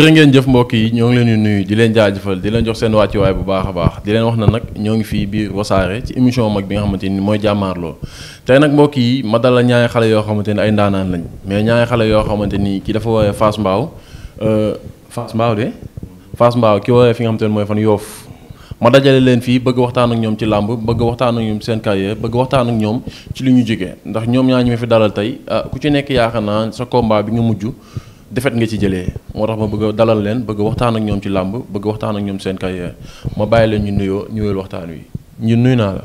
jërë ngeen jëf mbokk yi ñoo ngi leen di nuyu di leen jaajëfal di leen jox seen wàccuwaay bu baax a baax di leen wax na nag ñoo ngi fii biir wasaare ci émission mag bi nga xamante ni mooy jàmmaarloo tey nag mbokk yi ma dalal ñaari xale yoo xamante ni ay ndaanaan lañ mais ñaari xale yoo xamante ni ki dafa woowee Fass Mbaaw euh, Fass Mbaaw de Fass Mbaaw ki woowee fi nga xamante ni mooy fan Yoff ma dajale leen fii bëgg waxtaan ak ñoom ci làmb bëgg waxtaan ak ñoom seen carrière bëgg waxtaan ak ñoom ci li ñu jógee ndax ñoom ñaa ñu fi dalal tey ah, ku ci nekk yaakaar naa sa mbaa bi nga mujj defet nga ci jëlee moo tax ma bëgg dalal leen bëgg waxtaan ak ñoom ci làmb bëgg waxtaan ak ñoom seen carrière ma bàyyi leen ñu nuyoo ñëwal waxtaan wi ñu nuyu naa la.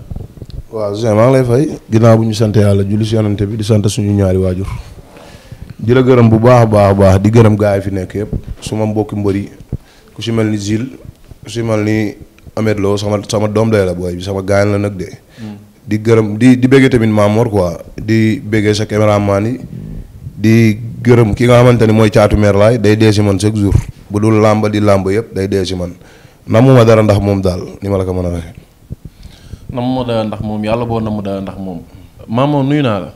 waaw Zé maa ngi lay fay ginnaaw bu ñu sant yàlla julli si yonante bi di sant suñu ñaari waajur di gërëm bu baax a baax a baax di gërëm gaa fi nekk yëpp su ma mbokki mbër yi ku si mel ni Zil ku si mel ni Ameth Lo sama doom day la booy bi sama gaañ la nag de. Mm. di gërëm di di bëggee tamit Mamor quoi di bëggee sa gërëm ki nga xamante ni mooy caatu meer laay day dee si man chaque jour bu dul làmb di làmb yëpp day dee si man namuma dara ndax moom daal ni ma la ko mën a waxee. namuma dara ndax moom yàlla boo namu dara ndax moom. maamoo nuyu naa la.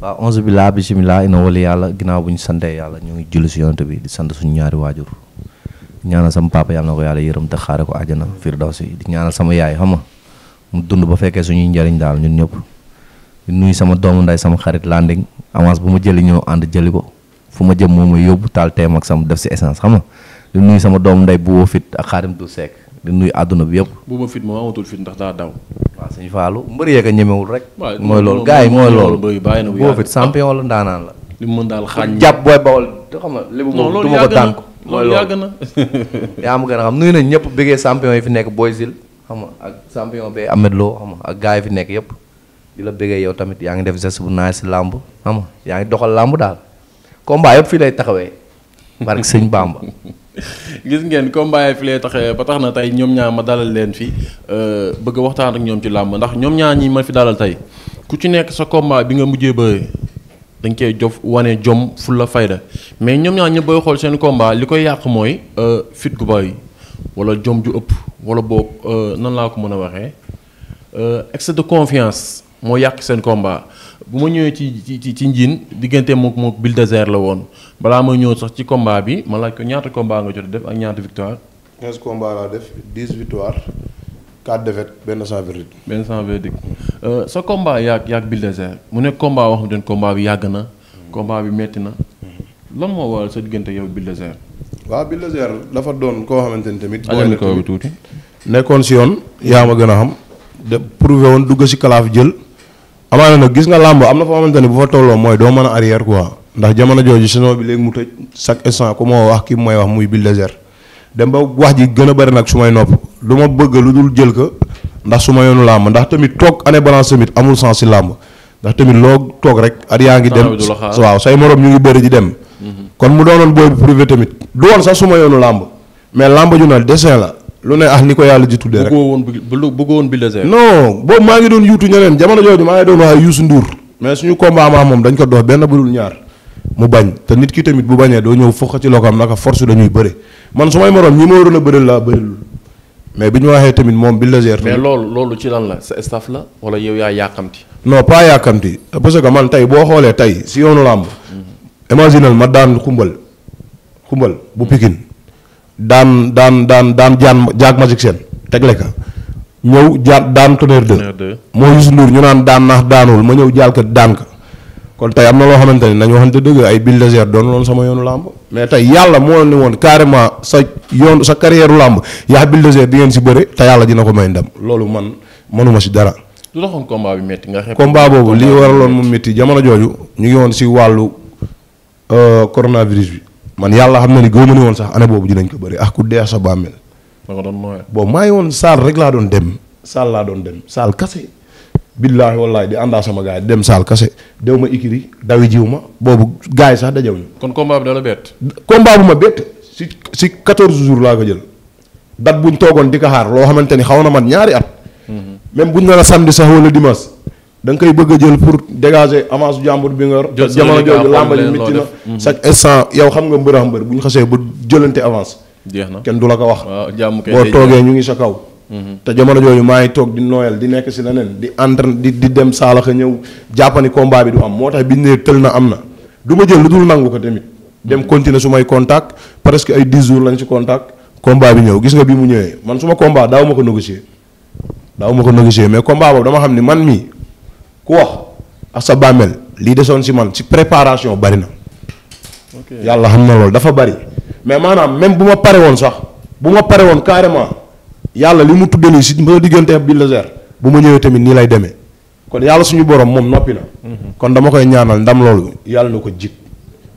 waaw onze billah bisimilah ina yàlla ginnaaw bu ñu santee yàlla ñu ngi julli si yonent bi di sant suñu ñaari waajur ñaanal sama papa yàlla na ko yàlla yërëm te xaare ko àjjana firdawsi di ñaanal sama yaay xam nga mu dund ba fekkee suñuy njariñ daal ñun ñëpp. nuyu sama doomu nday sama xarit landing avance bu ma jëli ñoo ànd jëli ko fu ma jëm moom mooy yóbbu taal teem sama def si essence xam nga di sama doomu nday bu woo fit ak xaarim du seek di nuyu àdduna bi yëpp. bu fit moom amatul fit ndax daa daw. waaw suñu faalu mbër yeeg rek. mooy loolu gars yi mooy loolu. bu woo fit la ndaanaan la. li mu mën daal xaañ jàpp booy bawal xam nga li ma ko tànk loolu yàgg na yaa ma gën a xam nuyu nañ ñëpp bëggee champion yi fi nekk Boy Zil xam nga ak champion bi Ahmed Lo xam nga ak gars yi fi nekk yëpp di la bëggee yow tamit yaa ngi def geste bu naaj si làmb xam yaa ngi doxal làmb daal combat yëpp fii lay taxawee. barke sëñ Bamba. gis ngeen combat yi fi ba tax na tey ñoom ñaar ma dalal leen fi euh, bëgg waxtaan ak ñoom ci làmb ndax ñoom ñaar ñi ma fi dalal tey ku ci nekk sa combat bi nga mujjee ba dañ koy jof wane jom fulla fayda mais ñoom ñaar ñi booy xool seen combat li koy yàq mooy euh, fit gu bari wala jom ju ëpp wala boog euh, nan laa ko mën a waxee excès de confiance. moo yàq seen combat bu ma ñëwee ci ci ci njiin diggante mook moom moom Bulldozer la woon balaa ma ñëw sax ci combat bi ma laaj ko ñaata combat nga jot def ak ñaata victoire. 15 combat laa def 10 victoire 4 benn sans verdict. benn euh, sa combat yaag yaag Bulldozer mu nekk combat wax nga ne bi yàgg na. combat bi metti na. lan moo waral sa diggante yow Bulldozer. waaw Bulldozer dafa doon koo xamante ni tamit. booy ko tuuti. nekkoon si yoon yaa ma gën a xam. de prouvé woon dugg si kalaaf jël. amaana nag gis nga làmb am na foo xamante ne bu fa tolloo mooy doo mën a arrière quoi ndax jamono jooju saison bi léegi mu tëj chaque instant ku ma wax ki mooy wax muy Bulldozer dem ba wax ji gën a bari nag su may nopp du ma bëgg lu dul jël ko ndax su ma yoonu làmb ndax tamit toog ane balance tamit amul sens si làmb ndax tamit loo toog rek at yaa ngi dem waaw say morom ñu ngi bëri di dem mhm. kon mu doonoon booy bu privé tamit du sax su ma yoonu làmb mais làmb ju na dessin la lu ne ah ni ko yàlla ji tuddee rek bëggoo woon bëggoo woon bulldozer non boobu maa ngi doon yuutu ñeneen jamono jooju maa ngi doon waaye Youssou Ndour mais suñu combat maa moom dañ ko dox benn budul ñaar mu bañ te nit ki tamit bu bañee doo ñëw fokk ci loxoom naka force dañuy bëre man su may morom ñi ma waroon a bëri laa bërilul mais bi ñu waxee tamit moom bulldozer mais loolu loolu ci lan la sa staff la wala yow yaa yàkkamti non pas yàkkamti parce que man tey boo xoolee tey si yoonu làmb mm-hmm. imaginal ma daan xumbal xumbal bu mm-hmm. Pikine daan daan daan daan jaan jaag Magic Sène tegle ka ñëw jaan daan Tonnerre 2 moo Youssou Ndour ñu naan daan naax daanul ma ñëw jaal ka daan ka kon tey am na loo xamante ne nañu waxante dëgg ay bulldozer doon loon sama yoonu làmb mais tey yàlla moo ne woon carrément sa yoon sa carrière làmb yaa bulldozer di ngeen si bëre te yàlla dina ko may ndam loolu man mënuma si dara. lu taxoon combat bi métti nga xam. combat boobu li waraloon mu métti jamono jooju ñu ngi woon si wàllu euh, coronavirus bi. man yàlla xam na ni gëw ma woon sax année boobu dinañ ko bëri ah ku dee sa bàmmeel. da nga doon nooyee bon maa woon saal rek laa doon dem. saal laa doon dem saal kase. billaahi wallaahi di àndaa sama gars dem saal kase dew ma ikiri dawi jiw ma boobu gars yi sax dajaw ñu. kon combat bi dala bett. combat bu ma bett si si quatorze jours laa ko jël date buñ toogoon di ko xaar loo xamante ni xaw na man ñaari at. Mhm. même buñ ne la samedi sax wala dimanche. da nga koy bëgg a jël pour dégager avance jàmbur bi nga yor. jamono jooju làmba ji métti na mhm. chaque instant yow xam nga mbër a mbër bu ñu xasee ba jëlante avance. jeex na kenn du la ko wax. boo toogee ñu ngi sa kaw. Mhm. te jamono jooju maa ngi toog di noyal di nekk si leneen di entraîne di di dem saalaxa ñëw jàppani komba bi du am moo tax bi ñu tël na am na du ma jël lu dul nangu ko tamit. dem mhm. continuer su may contact presque ay 10 jours lañ si contact combat bi ñëw gis nga bi mu ñëwee man suma combat daaw ma ko négocier daaw ma ko négocier mais combat dama xam ni man mii ku wax ak sa bàmmeel lii desoon si man si préparation bari na. yàlla xam na loolu dafa bari. mais maanaam même bu ma pare woon sax bu ma pare woon carrément yàlla li mu tuddee nii si ma diggante ak bi laser bu ma ñëwee tamit nii lay demee kon yàlla suñu borom moom noppi na. Mhm. kon dama koy ñaanal ndam loolu yàlla na ko jig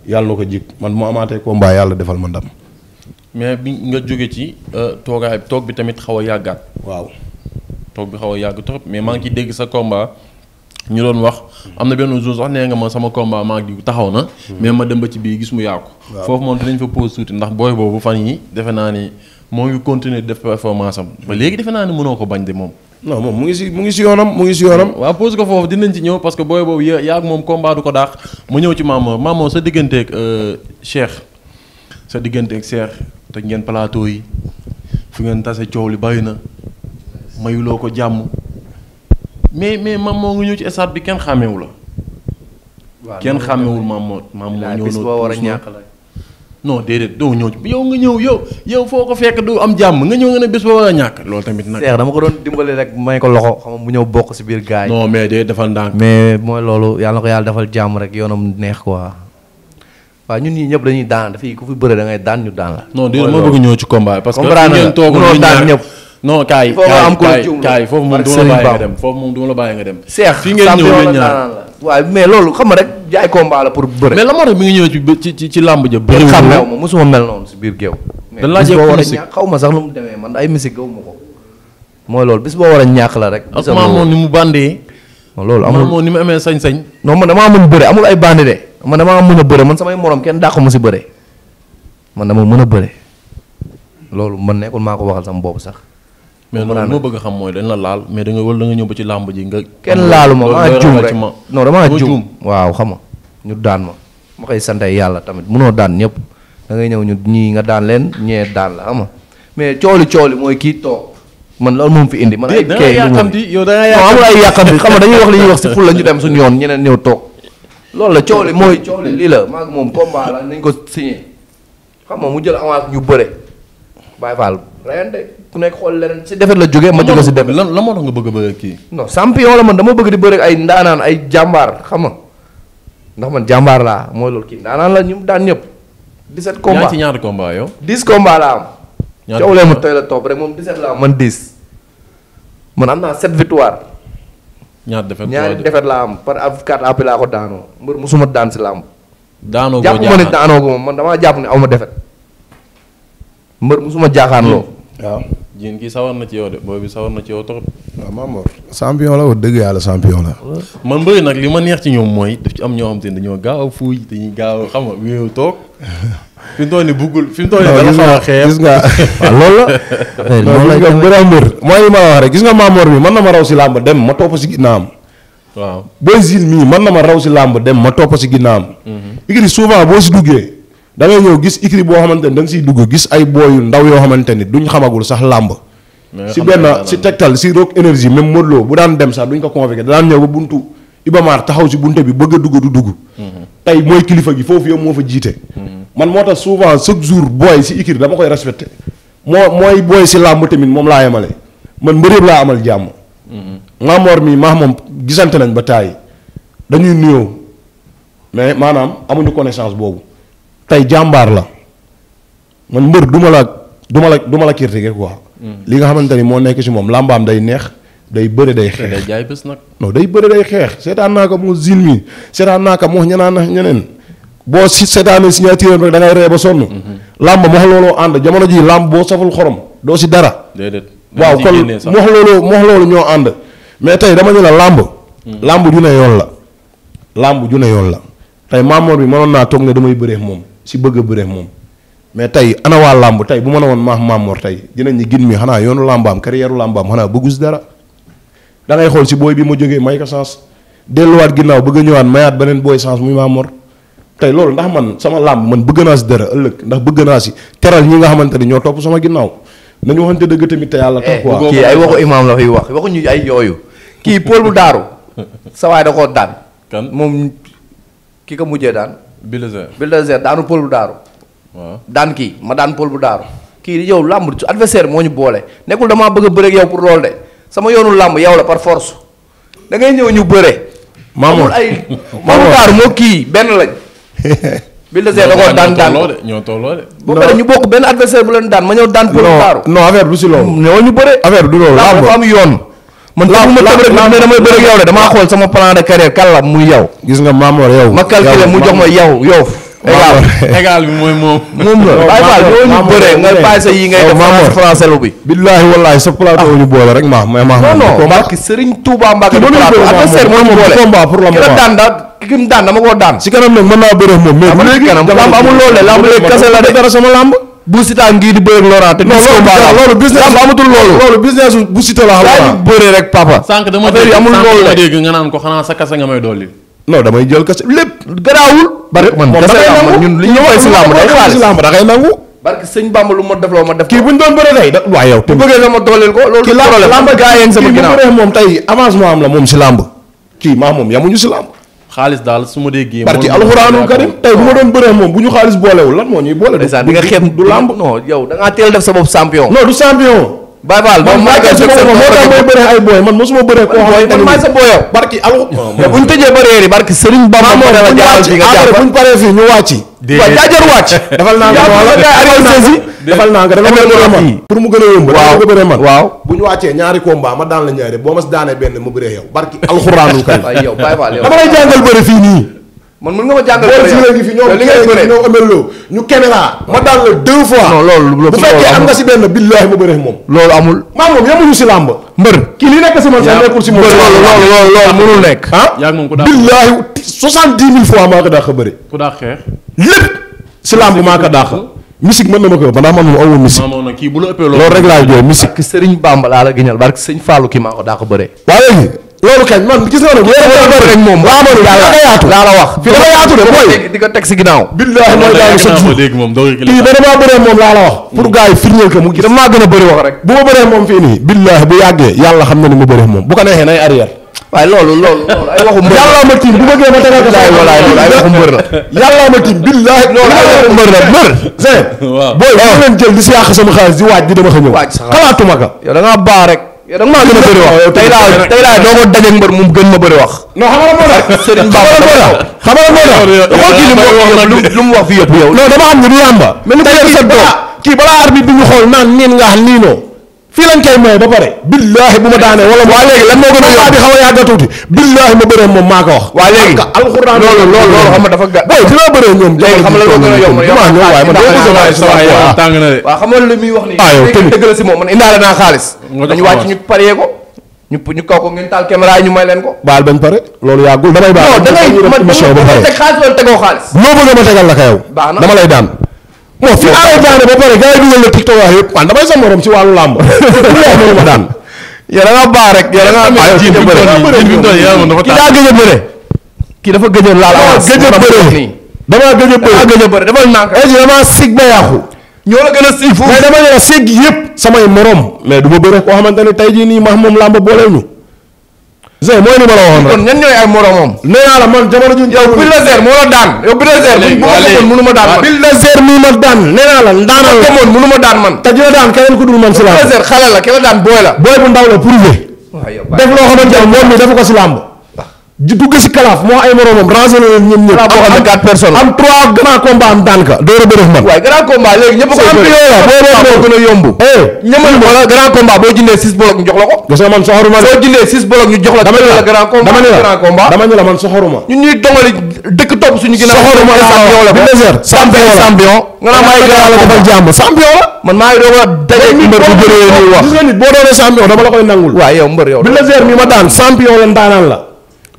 yàlla na ko jig man mu amaatee combat yàlla defal ma ndam. mais bi nga jóge ci euh, toogaay toog bi tamit xaw a yàggaat. waaw toog bi xaw yàgg trop mais maa ñu doon wax am na benn jour sax nee nga ma sama combat maa ngi taxaw na. mais ma dem ba ci bii gis mu yàqu. foofu moom dinañ fa pause tuuti ndax booy boobu fan yi defe naa ni moo ngi continuer def performance ba léegi defe naa ne mënoo ko bañ de moom. moom mu ngi si mu ngi si yoonam mu ngi si yoonam. waaw pause ko foofu dinañ ci ñëw parce que booy boobu yaa ak moom combat du ko daax mu ñëw ci Mamor Mamor sa digganteeg euh, Cheikh sa digganteeg Cheikh te ngeen plateau fi ngeen tase coow li bàyyi na mayuloo ko jàmm. mais mais maam moo nga ñëw ci stade bi kenn xàmmeewu la. waaw kenn xàmmewul maam moo maam moo ñëw noo war a ñàkk la non déedéet doo ñëw ci yow nga ñëw yow yow foo ko fekk du am jàmm nga ñëw nga ba war a ñàkk loolu tamit nag. seex dama ko doon dimbali rek may ko loxo xam mu ñëw bokk si biir gaay non mais de defal ndànk. mais mooy loolu yàlla ko yàlla defal jàmm rek yoonam neex ko waaw ñun ñii ñëpp dañuy daan dafay ku fi bëre da ngay daan ñu daan la. non bëgg ñëw ci combat parce que ngeen toog ñu ñaar non kaay kaay kaay foofu moom du la bàyyi nga dem foofu la bàyyi seex fi ngeen ñëw ngeen ñaar waaye mais loolu xam nga rek jaay combat la pour bëre. mais la moo tax mi ñëw ci ci ci làmb ja bëriwul xam nga ma mosuma si biir a ma sax mu demee man ay musique gaw ma ko. mooy loolu bis boo war a la rek. ak maamoon ni mu bandee. loolu amul maamoon ni mu amee sañ-sañ. non man damaa mën bëre amul ay bandi de man damaa a bëre man samay morom kenn dàq ma si bëre man dama mën a bëre loolu man nekkul maa ko waxal sama boobu sax mais noonu moo bëgg xam mooy dañ la laal mais da nga wala da ci làmb ji nga. kenn laalu ma maa juum rek non damaa juum waaw xam nga ñu daan ma ma koy sante yàlla tamit munoo daan ñëpp da ngay ñëw ñu ñii nga daan leen ñee daan la xam nga mais cooli cooli mooy kii toog man loolu moom fi indi man ay kee yow da nga yàqamti amul xam nga dañuy wax li ñuy wax si ñu dem suñu yoon ñeneen ñëw toog loolu la cooli mooy cooli lii la maa ngi moom combat la nañ ko signé xam nga mu jël amaat ñu bëre bàyyi faal reyante ku nekk xool leneen si defet la jógee ma jóge si defet lan lan moo tax nga bëgg a bëgg kii non champion la man dama di bëri ay ndaanaan ay jàmbaar xam nga ndax man jàmbaar laa mooy loolu kii ndaanaan la ñu daan ñëpp di set yaa ci ñaari combat yow 10 combat laa am coow moom 17 laa am man 10 man am naa set victoire ñaari defet ñaari defet laa am par ab 4 appel laa ko daanoo mbër musuma daan si làmb daanoo jàpp ma ne daanoo ko moom man damaa jàpp ni aw ma defet mbër musuma jaaxaan loo hmm. jigéen kii sawar na ci yow de booy bi sawar na ci yow trop. waaw Mamor la wax dëgg yàlla champion la. man bëri nag li ma neex ci ñoom mooy daf ci am ñoo am te ne dañoo gaaw a fuuy dañuy gaaw a xam nga wéew toog fi mu mu toll nii dala xaw a xeeb gis nga loolu la. loolu la nga bëri mbër mooy li ma rek gis nga Mamor mi mën na ma raw si làmb dem ma topp si ginnaawam. waaw booy mën na ma raw si làmb dem ma topp si ginnaawam. léegi mhm. souvent si duggee. da ngay ñëw gis écrit boo xamante ni da nga siy dugg gis ay booyu ndaw yoo xamante ni duñ xamagul sax làmb si benn si tegtal si rock énergie même Modou bu daan dem sax duñ ko convoqué da daan ñëw ba buntu Ibamaar taxaw si bunte bi bëgg a dugg du dugg mhm. tey mooy kilifa gi foofu yow moo fa jiite mhm. man moo tax souvent chaque jour booy si écrit dama koy respecté moo mooy booy si làmb tamit moom laa yemale man mbër laa amal jàmm mhm. maamoor mii maax moom gisante nañ ba taay dañuy nuyoo mais maanaam amuñu connaissance boobu tey jàmbaar la man mbër duma ma la du ma la duma la critiquer quoi. Hmm. li nga xamante ni moo nekk si moom làmbaam day neex. day bëre day xeex day day bëre day xeex seetaan naa ko mu zine mi seetaan naa ko mu wax ñenaan ñeneen boo si seetaanee signature rek da ngay ba sonn. Hmm. làmb mu wax ànd jamono ji làmb boo saful xorom doo si dara. déedéet waaw kon mu wax loolu ñoo ànd. mais tey dama ñu la làmb. Hmm. làmb ju ne yoon la. làmb ju ne yoon la. tey maamoor bi mënoon naa toog ne damay bëree moom. si bëgg a moom mais tey ana waa làmb tey bu ma ne woon maax Mamor tey dinañ ñi gin mi xanaa yoonu làmbaam carrière làmbaam xanaa bëggus dara da ngay xool si booy bi ma jógee may ko chance delluwaat ginnaaw bëgg a ñëwaat mayaat beneen booy chance muy Mamor tey loolu ndax man sama làmb man bëgg naa si dara ëllëg ndax bëgg naa si teral ñi nga xamante ni ñoo topp sama ginnaaw nañu waxante dëgg tamit te yàlla tax quoi eh, kii ay waxu imaam la fiy wax ay yooyu kii Paul bu daaru sa waay da ko mujjee daan bulldozer bulldozer daanu pël bu daaru. daan kii ma daan pël bu daaru. kii yow làmb adversaire moo ñu boole nekkul damaa bëgg a bëre ak yow pour loolu de sama yoonu làmb yow la par force dangay ñëw ñu bëre. maamul ay maamul daaru moo kii benn lañ. bulldozer da ko daan daan ñoo tolloo de boo paree ñu bokk benn adversaire bu leen daan ma ñëw daan pël bu daaru. non affaire du si loolu. ñoo ñu bëre. affaire du loolu làmb dafa am yoon. man taw ma tëb rek ma ne damay bëri yow de damaa xool sama plan de carrière kan la muy yow. gis nga Mamor yow. ma calculé mu jox ma yow yow. égal égal bi mooy moom. moom la bàyyi faal ñoo ñu bëree nga bàyyi sa yi ngay def français lu bi. billaahi wallaahi sa plateau ah. ñu boole rek maa ma maa. non non barki Serigne Touba Mbacke. du plateau adversaire moo ñu boole combat pour le moment daan da ki daan dama koo daan. si kanam nag mën naa bëre moom mais ah, léegi lamb amul loolu de lamb léegi kase la de dara sama lamb. bu Siteu ngii di bëre ak Laurent te. non loolu business amatul loolu. loolu business bu Siteu la xam bëre rek papa. sànq dama dégg amul loolu la dégg nga naan ko xanaa sa kase nga may dolli. non damay jël kase lépp garaawul. bari man kase ñun li ñu koy si làmb day xaalis làmb da ngay nangu. barke sëñ Bamba lu ma def loo ma def. kii bu ñu doon bëre tey da waaye yow. te bëggee nga ma dooleel ko loolu. problème kii làmb gaa yeeg sama ginnaaw kii bu bëree moom tey avancement am la moom si làmb. kii maa moom yamuñu si làmb xaalis daal su ma déggee. barki alxuraanu karim tey bu ma doon bëree moom bu ñu xaalis boolewul lan moo ñuy boole. du du lamb non yow da teel def sa bopp champion. non du Baye Fall man maa ma moo tax may bëree ay booy man bu ñu tëjee barrière yi barki Serigne Bamba moo dala jàppal fi nga jàppal bu mu gën a waaw ko bëree man waaw bu ñu wàccee ñaari combat ñaari boo ma si daanee benn mu bëree yow barki alxuraanul kay dama lay jàngal bëri fii nii man mën nga ma jàngal li fi ñoom ñoom amelloo ñu caméra la deux fois nga si benn billaahi ma bëre loolu amul maa moom mbër kii li nekk si man nekk ah billaahi soixante dix mille fois maa ko dàq bëre ku dàq xeex lépp si làmb maa ko dàq musique mën na ma ko man loolu rek laay jooy musique sëriñ Bamba laa la giñal barke sëriñ Fallou kii maa ko dàq bëre waa léegi loolu kañ man gis nga nag. loolu moom laa bëri dafa la wax dafa yaatu de mooy. di ko si ginnaaw. billaahi mooy sa jur moom doo kii ba moom laa la wax. pour gars yi mu gis. damaa gën a bëri wax rek. bu ma bëree moom fii nii. billaahi bu yàggee yàlla xam na ni mu bëree moom bu ko neexee nay arrière. waaye loolu loolu ay waxu mbër la yàllaa ma tiim bu bëggee ma la yàllaa ma tiim billaahi loolu ay waxu mbër la mbër c'est booy leen jël di si yàq sama xaalis di waaj di dama xa ñëw xalaatuma ka yow da ngaa baax rek yow da nga maa gën a bëri wax tey laa tey laa doo mu gën ma bëri wax. non xamal moo tax Serigne Ba xamal moo tax xool kii li mu wax lu mu wax fi yëpp yow. non dama xam ne du yàmba. mais lu sa doom kii bi ñu xool naan niin nga xam fii lañ koy maye ba pare. billaahi bu ma daanee wala. waa léegi lan moo gën a yomb a a tuuti. billaahi ma bëree moom maa ko wax. waa léegi parce que alxuraan loolu loolu loolu xam nga dafa gà. waaw dinaa bëree ñoom. léegi a na de. waaw xam wax nii. ah yow tamit dëgg la naa xaalis. dañu wàcc ñu paree ko. ko ngeen taal caméra yi ñu may ko. baal bañ pare loolu yàggul damay baal. non da ngay man da nga teg xaalis wala tegoo xaalis. loo bëgg ma tegal la ka dama lay daan. moo fi aaree daane ba pare gars yi dugal na TikTok yëpp man damay sa morom ci wàllu làmb bu leer noonu ma daan. yow da ngaa dafa gëj a bëre kii dafa gëj a laal avance gëj a bëre damaa gëj a bëre damaa gëj a bëre dafa sig ba yàqu. ñoo la gën a sig foofu mais dama gën a sig yëpp. samay morom mais du ma bëre koo xamante ne tey jii nii ma xam moom làmb boolewuñu Zé mooy li ma la waxoon rek kon la man jamono ji. yow Bulldozer moo la daan. yow Bulldozer bu ma gëmoon mënu ma daan man. Bulldozer ma daan nee naa la ndaanal la gëmoon mënu ma daan man. te dina daan keneen ku dul man si làmb. Bulldozer xale la ki daan booy la. booy bu ndaw la prouvé. def loo xamante ne moom mi dafa ko si làmb. ji dugg si kalaaf moo ay moromam rangé na leen ñoom ñëpp. am am quatre personnes am trois grands combats am daan ka. door a bëri man waaye a eh, la ko. gis man soxoruma ñu jox la. dama dëkk topp suñu. ginnaaw soxoruma la bi désert. champion champion. nga naan maay grand la defal jàmm nii wax. gis yow mbër yow bi désert ma daan champion la ndaanaan la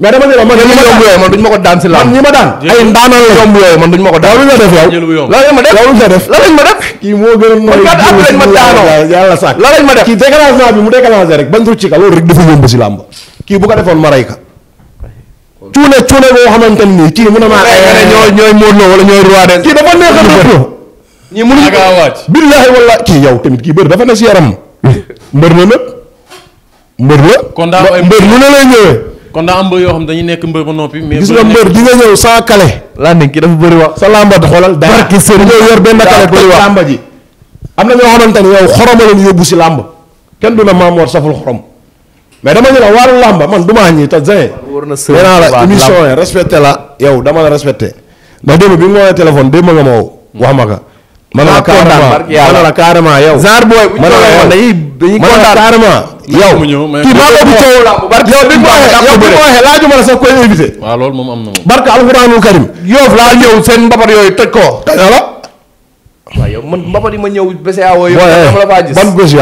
mais dama ne la man dañu ma daan man duñu ma ko daan si la man ñi ma daan ay ndaanal la yomb yooyu man duñu ma ko daan loolu nga def yow loolu ma def loolu nga def la lañ ma def kii moo gën a nooy lañ ma daanoo yàlla sàkk la lañ ma def kii déclenchement bi mu déclenché rek bañ ci ka loolu rek dafa yomb si làmb kii bu ko defoon ma rey ka cuune cuune boo xamante ni kii mu ne maa ñooy ñooy Modou Lo wala ñooy roi de kii dafa neex a dëpp ñi mënuñu billaahi wallaahi kii yow tamit kii bëri dafa ne si yaram mbër na nag mbër la mbër lu ne lay ñëwee kon daa am mbër yoo xam dañuy nekk mbër ba noppi. mais gis nga mbër di nga ñëw sans kale. laa nekk ki dafa bëri wax. sa lamba xoolal dara barki sëriñ ñëw yor benn kale bëri wax am na ñoo xamante ni yow xoroma leen yóbbu si làmb kenn du la maamoor saful xorom mais dama ñu la wàllu làmba man du maa ñii te zane. war na sëriñ la émission respecté la yow dama la respecté ndax démb bi mu woowee téléphone démb nga ma woo wax ma mën na la carrément carrément booy bu ñu yow kii maa ngi ëpp bi ma waxee yow a ma koy invité. barke alxuraanul karim. yow laa ñëw seen mbabar yooyu toj ko. toj na la. waaw man mbabar yi ma ñëw BCEAO yow. dama la faa eh, gis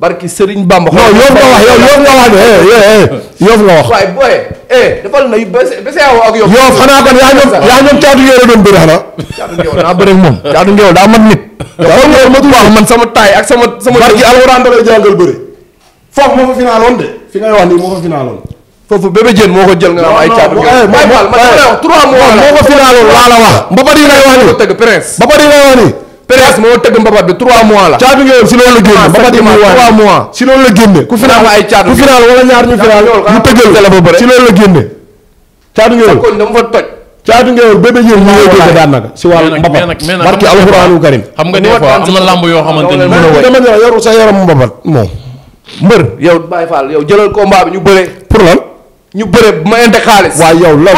barki Serigne Bamba. non yoof nga wax yow yoof nga wax de eh, eh, eh, yoof nga wax. waay booy defal yoof. yoof xanaa yaa ñoom caatu ngéwél doon bëri xanaa. caatu moom. caatu ngéwél daa mat nit. caatu ngéwél wax man sama taay ak sama. sama alxuraan da lay jàngal bëri. foofu moo finaaloon de. fi ngay wax finaaloon. foofu bébé Diène moo ko jël nga am ay caatu ngéwél. moo finaaloon laa la wax. mbapat yi ngay wax nii. ba pare yi wax nii Pérez moo tëgg mbabat bi 3 mois la. caatu ngeen si loolu la génne. Ah, mbabat yi 3 mois si loolu la génne. ku final ay caatu ku final ah, si loolu la génne. caatu ngeen caatu ngeen woon bébé yéen ñu ngi dégg daanaka si wàllu mbabat barki alxuraanu karim. xam nga des fois am na lamb yoo xamante a yoru sa yaram mbabat mbër yow jëlal combat bi ñu bëree pour lan ñu bëre ma indi xaalis. waaw yow la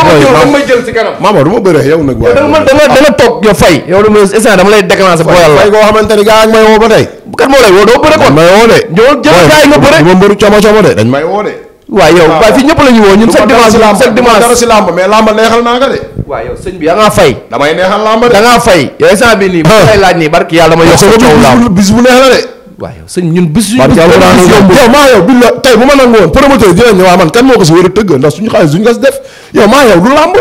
ma jël ci kanam. maama du ma bëree yow nag. waaw man da nga fay. yow dama lay déclencher. la fay ba de. ñoo ma mbëru coomo coomo de dañ la ñu woo ñun. chaque dimanche chaque dimanche dara ci fay. damay neexal bi nii. ma lay laaj nii barki yàlla ma yokk coow làmb bis bu neex la de waaw yow sëñ ñun bés. waaw yow maa yow bi la tey bu ma nangu woon promoteur dinañ ne waa man kan moo ko si war a tëgg ndax suñu xaalis duñu ko si def yow maa yow du làmb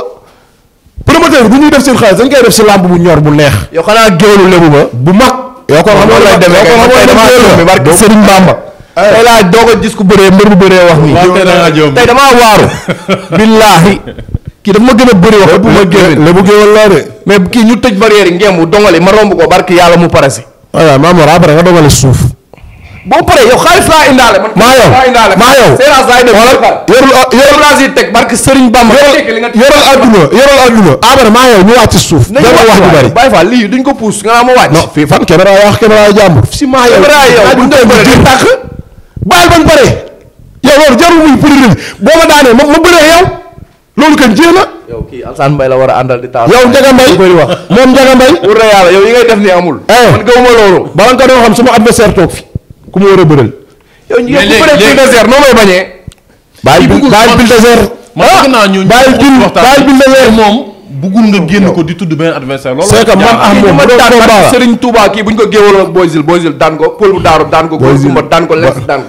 promoteur bu ñuy def seen xaalis dañ koy def si làmb bu ñor bu neex. yow xanaa géwélu lebu ba bu mag. yoo ko xamoon lay demee kay kay damaa barke Sëriñ Bamba. tey laa doog a gis ku bëree mbër bu bëree wax nii. waaw damaa waaru. billaahi. kii dafa ma gën a bëri wax. bu ma géwél lebu géwél laa de. mais kii ñu tëj barrière yi ngeem bu dongale ma romb ko barke yàlla mu voilà Maam Mor après nga dogale suuf. boo paree yow xaalis laa indaale. man xaalis laa indaale maa yow a yow. yorul ah, laa siy teg barke Serigne Bamba. yorul adduna yorul adduna. après maa yow ñu wàcc suuf. nañu wax ju bari bàyyi fa ko puus nga naa ma wàcc. non fii fan caméra wax caméra jàmbur. si maa yow a buñ doon bëri di ma daanee yow loolu kan jéem yow kii Alsaan Mbaye la a àndal di taal. yow Ndiaga Mbaye moom Ndiaga Mbaye. wóor na yàlla yow yi ngay def ni amul. Eh, man gëwuma loolu. bala nga doon xam suma adversaire toog fi ku ma war a bëral. yow ñu ngi ku bëree Bulldozer moom. buggul nga génn ko di tudd benn adversaire loolu c'est que man ah moom ma daan Serigne Touba kii bu ñu ko géewaloon ak Boysil Boysil daan ko Pël bu daan ko. daan ko Lex daan ko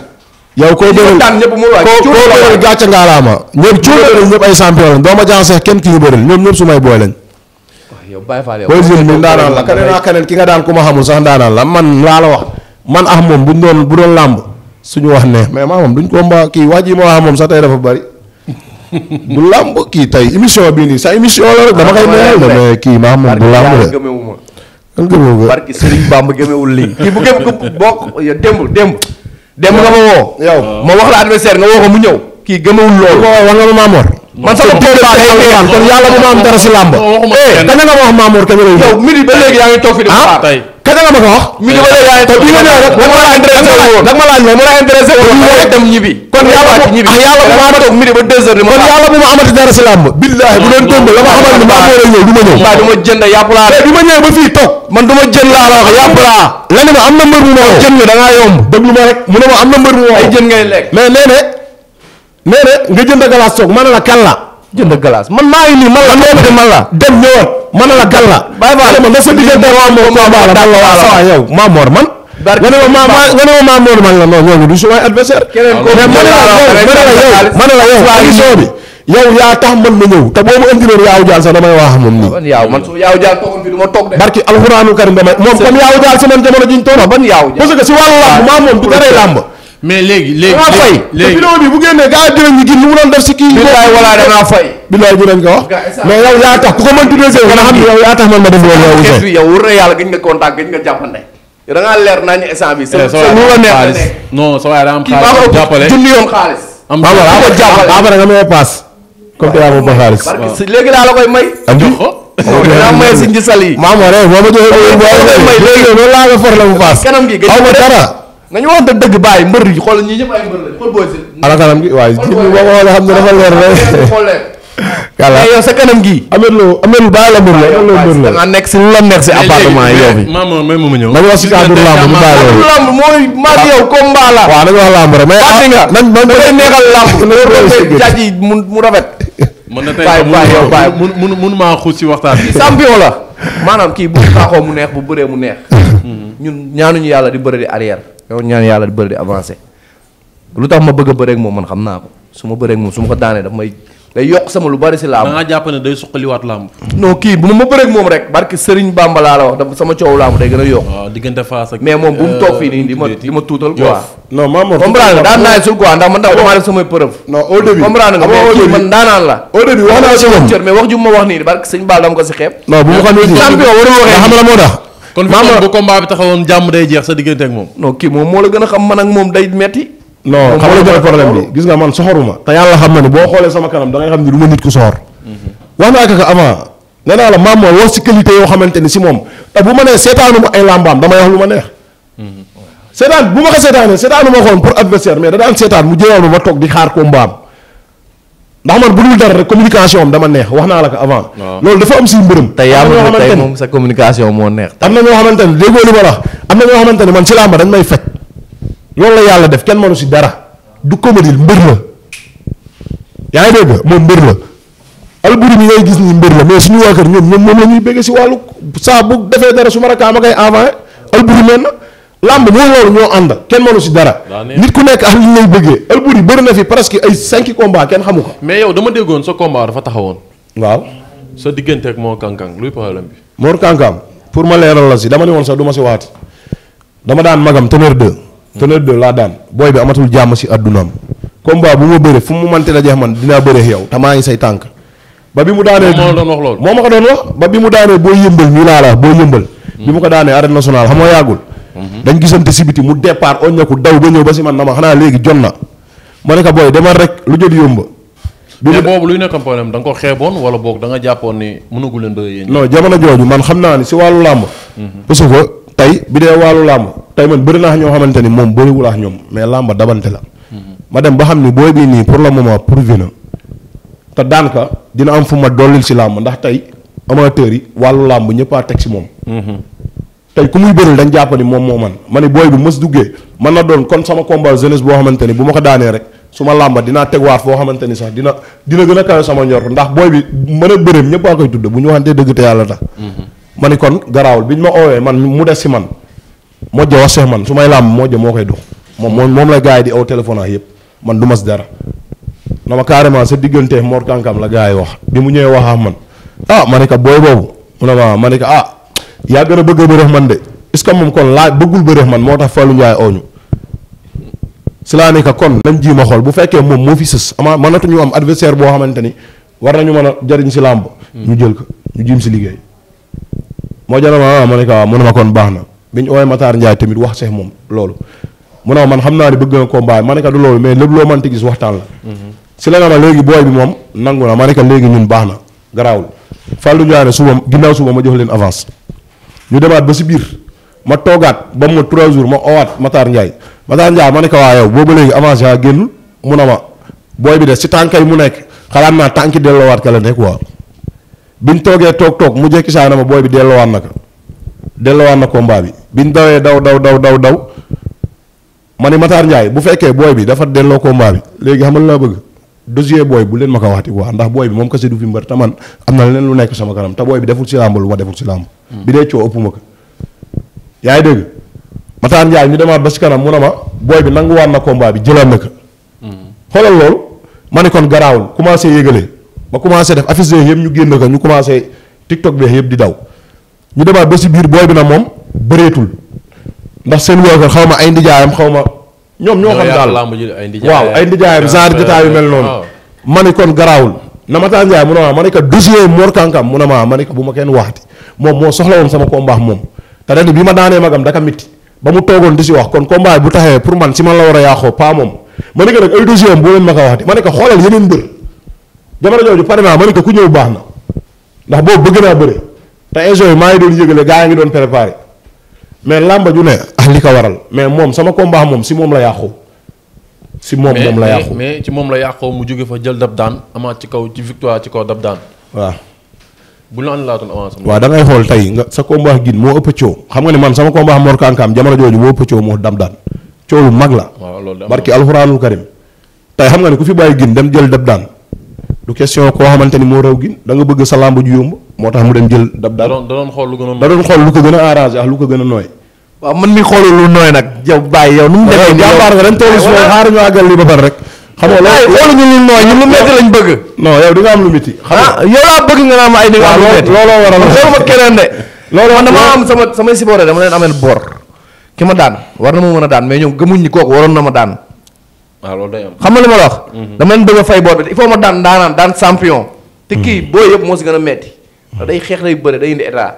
yow koo bëri koo koo bëri gàcce ngaalaama ñoom cuunañ ñëpp ay champion lañ dooma jaaxase kenn ki sumay booy lañ booy jël mi ki nga daan ku ma xamul sax ndaanaan la man laa la wax man ax moom bu doon bu doon làmb suñu wax ne mais ma moom duñ ko mbaa kii waa ji ma wax moom sax tey dafa bëri du làmb kii tey émission bii nii sa émission la rek dama koy neexal de mais kii maa moom du làmb de kii bu gëm ko bokk démb démb dem nga ma woo. yow ma wax la adversaire nga woo ko mu ñëw. kii gëmawul loolu. nga nga ma Mamor. man sama téere baa day neex kon yàlla bu ma am dara si làmb. eh kañ nga ma wax Mamour Kébé yooyu. yow midi ba léegi yaa ngi toog fi di ko ah, xaar tey. kañ nga ma ko wax. midi ba léegi yaa ngi toog fi di ko xaar tey da nga ma laaj ma la intéressé woon. da nga ma laaj dem ñibbi. kon yàlla bu ah yàlla bu ma amati toog midi ba deux heures. kon yàlla bu ma amati dara si làmb. billahi bu doon démb la ma xamal ni maa ngi ñëw du ma ñëw. waaw du ma jënd yàpp laa. Eh, bi ma ñëwee ba fii toog. man du ma jënd laa la wax yàpp laa. nga ne ma am na mbër bu ma woo. jën nga da ngaa yomb. déglu ma rek mu ne ma am na mbër bu ma woo. ay jën ngay lekk mais nee na nee na nga jënd galaas toog ma ne la kan la. jënd galaas man maa ngi nii man la. man de man la dem ñëwoon. ma ne la kan la. bàyyi ma ne ma sa diggante waa moom la daal la waaw yow maa moor man. nga ne ma maa maa nga ne ma maa moor man la non ñooñu du sumay adversaire. keneen koo xam ne ma ne la yow ma ne la yow yow yaa tax man ma ñëw te boo ma indi loon yaaw jaal sax damay wax moom nii. yaaw man su yaaw jaal toogoon fi du ma toog de. barki alxuraanu karim damay moom comme yaaw jaal si man jamono jiñ toog. ban yaaw jaal parce que si wàllu làmb maa moom du daray làmb mais léegi léegi dangaa fay te vidéo bi bu génnee gaa yi dinañ ñu gis lu mu doon def si kii. bilaay wala dangaa fay. bilaay dinañ ko wax mais yow yaa tax ku ko mën tuddee seen nga xam ne yow yaa tax man ma def loolu yow. Ouzin bi yow wër na yàlla gëj nga contact gëj nga jàppante. da ngaa leer naa ñu instant bi. sa eh, sa lu la neex la nekk non sa waay daa am xaalis jàppale junni yoon xaalis. am ko jàppale après nga may paas. comme te yaa ma xaalis. léegi daa la koy may. am ah, daa may si njisal yi. maa ma rek boo ma joxee may léegi loolu laa nga for la mu paas. kanam gi xaw ma dara nañu wax da dëgg bàyyi mbër yi xool ñii ñëpp ay mbër lañ xool booy si. ala kanam gi waaye xam ne dafa leer rek xool sa kanam gi Ameth Lo Ameth Lo bàyyi la mbër la mbër la nekk si lu la si appartement yi yow ma ñëw. nañu wax si cadre lamb bu bàyyi loolu. mooy maa ah. ngi yow combat la. waa nañu wax lamb rek mais. fàtte ah, nga ah, nañ mu mu rafet. mën na tey mun mun mun maa xuus si waxtaan bi. la maanaam kii bu taxoo mu neex bu bëree mu neex. ñun ñaanuñu yàlla di bëre di arrière yow ñaan yàlla di bëri di avancé lu tax ma bëgg a bëreeg moom man xam naa ko su ma bëreeg moom su ma ko daanee daf may day sama lu bari si làmb. la wax dafa sama coow làmb a mu toog mais wax naa wax nii barke Serigne Bamba dama ko si xeeb. non moo tax kon fi bu mbaa bi taxawoon jàmm day jeex sa diggante ak moom. non kii moom moo la gën a xam man ak moom day metti non xam nga problème bi gis nga man soxoruma te xam na ne boo xoolee sama kanam da ngay xam ni du ma nit ku soxor. Mhm. wax naa ko avant nee naa la maam moo wax si qualité yoo xamante ni si moom te bu ma nee seetaanuma ay làmbaam damay wax lu ma neex. Mhm. seetaan bu ma ko seetaanee seetaanuma xoon pour adversaire mais da daan seetaan mu jéemoon ma ma toog di xaar combat am ndax man bu dul dara rek communication am dama neex wax naa la ko avant. loolu dafa am si mbërëm. tey yaa ma tey moom sa communication moo neex. am na ñoo xamante déggoo li ma wax am na ñoo xamante ne man ci làmba dañ may faj loolu la yàlla def kenn mënu si dara du comédie mbër la yaa ngi dégg moom mbër la. alburi bi ngay gis ni mbër la mais suñu waa kër ñoom moom la ñuy bëgg si wàllu saa bu defee dara su ma rakaama kay avant alburi meen na. làmb mooy loolu ñoo kenn mënu si dara. nit ku nekk ak na fi presque ay cinq combats kenn xamu ko. mais yow dama déggoon sa combat dafa taxawoon. waaw. sa diggante ak Mor Kankang luy problème bi. Mor pour ma leeral la si dama ne woon sax du ma si waat dama daan magam Tonnerre 2. Hmm. laa daan booy bi amatul jàmm si addunaam. combat bu ma bëre fu mu mënti la jeex man dinaa bëre yow te ngi say tànk. ba bi mu daanee moo doon wax moo ma ko doon wax ba bi mu daanee boo yëmbal ñu laa la boo yëmbal. Hmm. bi mu ko daanee arène nationale xam nga yàggul dañ gisante si biti mu départ oññeeku daw ba ñëw ba si man na ma xanaa léegi jot na ma ne ko booy demal rek lu jot yomba bi mu boobu luy nekkoon problème da nga ko xeeboon wala boog danga jàppoon ni mënagu leen ba yéen. non jamono jooju man xam naa ne si wàllu làmb. Mhm. parce que tey bi dee wàllu làmb tey man bëri naa ñoo xamante ni moom bëriwul ak ñoom mais làmb dabante la. Mhm. ma dem ba xam ni booy bii nii pour le moment prouvé na te daanaka dina am fu ma dollil si làmb ndax tey amateurs yi wàllu làmb ñëpp a teg si moom. Mhm. tey ku muy bëril dañ jàpp moom moo man ma ni booy bu mës duggee man na doon kon sama combat jeunesse boo xamante ni bu ma ko daanee rek su ma làmba dinaa tegwaat foo xamante ni sax dina dina gën a kawe sama ñor ndax booy bi mën a bu ñu waxantee dëgg te yàlla tax mm-hmm. ma ni kon garaawul bi ma oowee man mu des si man mojja wax seex man su may làmb mojja moo koy dox moom moom moom la gars yi di aw téléphone ak yëpp man du mas dara na ma carrément sa diggante Mor Kankam la gars yi wax bi mu ñëwee wax man ah ma ne ko booy boobu ma ma yaa gën a bëgg a bëreex man de est ce moom kon laa bëggul bëreex man moo tax Fallou Ndiaye ooñu cela n'est que kon nañ ji ma xool bu fekkee moom moo fi sës ama mënatuñu am adversaire boo xamante ni war nañu mën a jariñ si làmb hmm. ñu jël ko ñu jiim si liggéey moo jarama ma ne ko waaw mu ne ma kon baax na bi ñu ooyee Matar Ndiaye tamit wax seex moom loolu mu ne man xam naa ne bëgg na combat ma ne ko du loolu mais lépp loo mënti gis waxtaan la hmm. si la nga ma léegi booy bi moom nangu na ma ne léegi ñun baax na garaawul Fallou Ndiaye ne suba ginnaaw suba ma jox leen avance ñu demaat ba si biir ma toogaat ba mu trois jours ma owaat Matar Ndiaye Matar Ndiaye ma ne ko waa yow boobu léegi avancé a génn mu ne ma booy bi de si tànk yi mu nekk xalaat naa tànki delloowaat ka la nekk quoi biñ toogee toog toog mu jekki saa na ma booy bi delloowaat na ko delloowaat na combat bi bi biñ dawee daw daw daw daw daw ma ne Matar Ndiaye bu fekkee booy bi dafa delloo combat bi léegi xamal laa bëgg dossier booy bu leen ma ko waxati quoi ndax booy bi moom kese du nekk sama kanam te booy bi deful si làmb lu ma deful si làmb bi dee coow ëpp ma ko. yaa ngi dégg Matar ñu demaat ba si kanam mu ne ma booy bi waan na combat bi jëlaat na ko. xoolal loolu ma ne kon garaawul commencé yëgale ba commencé def affiche yëpp ñu génn ko ñu commencé TikTok bi yëpp di daw ñu demaat ba si biir booy bi na moom bëreetul ndax seen woowu xaw ma ay ndijaayam xaw ma. ñoom ñoo xam daal waaw ay ndijaayam genre jotaay yu mel noonu. ma ne kon garaawul na Matar Ndiaye mu ne ma ma ne ko dossier mu ne ma ma ne bu ma kenn waxati. moom moo soxla woon sama combat moom te dañu bi ma daanee magam daka mitti ba mu toogoon di si wax kon combat bu taxee pour man si man la war a yàqoo pas moom ma ne ko nag ay dossier am boo leen ma ko wax de ma ne ko xoolal yeneen mbër jamono jooju pare naa ma ne ko ku ñëw baax na ndax boobu bëgg naa bëre te émission maa ngi doon yëgale gaa yi ngi doon préparé mais làmba ju ne ah li ko waral mais moom sama combat moom si moom la yàqu. si moom moom la yàqu mais ci moom la yàqoo mu jóge fa jël dab daan amaat ci kaw ci victoire ci kaw dab daan waaw. bu la laatoon avance. waaw da ngay xool tey nga sa combat gin moo ëpp coow xam nga ne man sama combat Mor Kankaam jamono jooju moo ëpp coow moo dam daan coow lu mag la. barki alxuraanul karim tey xam nga ne ku fi bàyyi gin dem jël dab daan du question koo xamante ni moo raw gin da nga bëgg sa làmb ju yomb moo tax mu dem jël dab daan. da doon xool lu da doon xool ko gën a arrangé ak lu ko gën a nooy. waaw man mi xoolul lu nooy nag yow bàyyi yow nu mu. defee jàmbaar nga dem toolu si xaar ñu ba xam nga loolu xooluñu lu nooy ñu lu métti lañ bëgg. non yow di am lu métti. xam nga ah, yow laa bëgg nga naan ma ay di am lu métti looloo waral ma keneen de. looloo man dama am sama samay siboore dama leen ma daan war na ma mën a daan mais ñoom gëmuñ ni kooku waroon na ma daan. waaw loolu day xam nga li ma la wax. Mhm. dama leen bëgg fay bor bi il faut ma daan daanaan daan champion. te kii mhm. booy yëpp moo si gën a métti. Mhm. day xeex lay bëre day indi état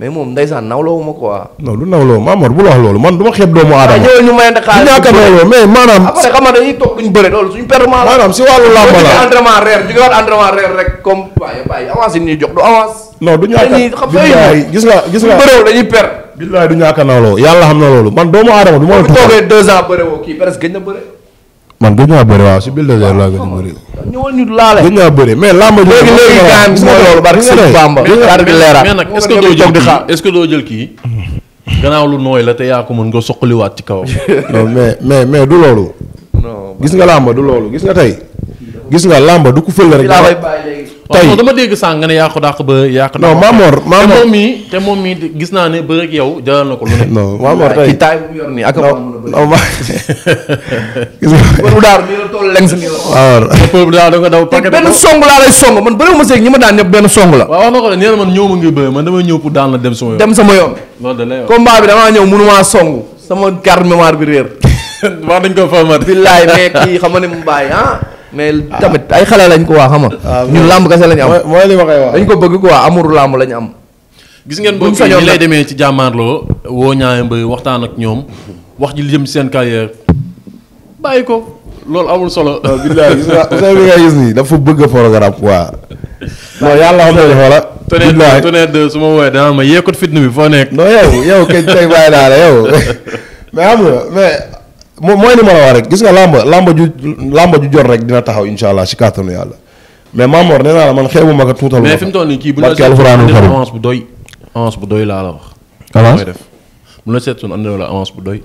mais moom ndeysaan nawloowu ma quoi. non lu nawloo ma Amar bu la wax loolu man du ma xeeb doomu ah, aadama. waaw ñu mayante xaalis bu ñàkk nawloo mais la. du avance. gis nga gis nga bëreew dañuy per. billaay du ñàkk nawloo xam na loolu man doomu aadama du ma la. toogee deux ans bëre man gëj naa bëri waaw si Bulldozer laa gëj a bëri. ñëwoon ñu laale mais lamba ji. léegi léegi gaañ bi mooy loolu barke Sëñ Bamba mais nag est-ce que doo ce que doo jël kii gannaaw lu nooy la te ko mën nga soqaliwaat ci kawam. mais mais mais du loolu. gis nga làmba du loolu gis nga tey. gis nga làmba du ko fël rek. tey dama dégg sànq nga ne yaa ko dàq ba yaa ko. non Mamor te moom mii te moom mii gis naa ne bëreeg yow jalal na ko lu ne. non Mamor tey ci taay bu la da nga daw. paquet benn song laa lay song man bëriwuma ñi ma daan ñëpp benn song la. waaw wax na ko de nee dem sama yoon. dem sama de la yow combat bi damaa ñëw mënumaa song sama carte mémoire bi réer. wax dañ ko format. billaay mais kii xam nga ne mu bàyyi ah mais tamit ay xale lañ ko waa xam nga ah, ñun làmb kese lañ am mooy li ma koy wax dañ ko bëgg quoi amuru làmb lañ am. gis ngeen boobu ni lay demee ci jàmmaarloo woo ñaari mbër waxtaan ak ñoom wax ji li jëm seen carrière bàyyi ko loolu amul solo. bilaay gis nga bëgg programme quoi. non yàlla xam nañu su ma woowee dama ma yeekut fitna bi foo nekk. non yow yow kay tey bàyyi naa la mais xam nga mais. mooy ni ma la wax rek gis nga làmba làmba ju làmba ju jot rek dina taxaw incha allah si kàttanu yàlla mais Mamor nee naa la man xeebu ma ko tuutal. mais fi mu toll nii kii bu la avance bu doy avance bu doy laa la wax. avance def bu la seetoon andee wala avance bu doy.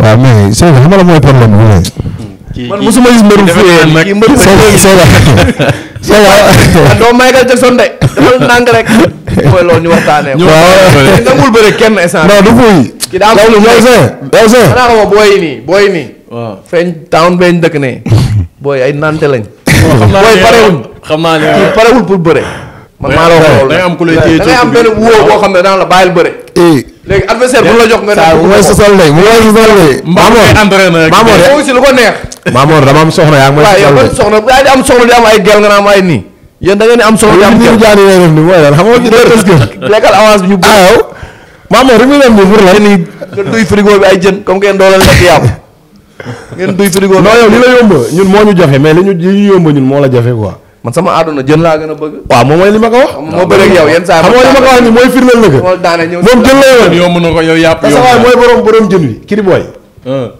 waaw mais Seye xam nga la mooy problème bi. man mosuma gis mbërum fuyee nag Seye doo Michael Jackson de. dafa nang rek. mooy loolu ñu waxtaanee. ñëw nga bëre kenn instant. non du fuy. ki daa am yow yow sëñ xanaa xam nga booy nii booy nii. waaw feeñ town feeñ dëkk ne booy ay nante lañ. xam naa ne parewuñ xam naa ne kii parewul pour bëre. man maa la wax loolu da am ku lay téye da ngay am benn wóo boo xam ne daan la bàyyil bëre. Eh. léegi adversaire bu la jox nga. saa bu may sosal de bu may sosal de. Maamoor si lu ko neex. Maamoor dama am soxna yaa ngi may sosal de soxna gaa yi di am soxna di am ay gel nga naan am ay nii. yéen da ngeen di am soxna di am gel. li ñu jaani lay def ni mooy lan xam nga. lekkal avance bi ñu bëri maama remise bi pour la. yéen ngeen duy frigo bi ay jën comme ngeen doon lekk yàpp ngeen duy frigo bi. li la yomb ñun moo ñu joxe mais li ñu li ñu yomb ñun moo la jafe quoi. man sama àdduna jën laa gën a bëgg. waaw moom mooy li ma ko wax. moo bëri ak yow yenn saa xam nga li ma ko wax nii mooy firndeel na ko. moom jën la yoon yomb na ko yow yàpp yow. mooy borom jën wi kii